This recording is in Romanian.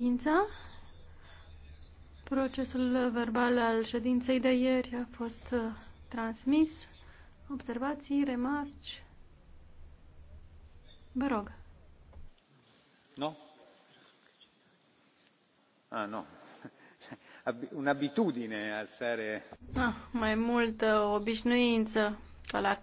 ședința. Procesul verbal al ședinței de ieri a fost uh, transmis. Observații, remarci? Vă rog. Nu? Ah, nu. Un abitudine, al sare. Ah, mai multă obișnuință ca la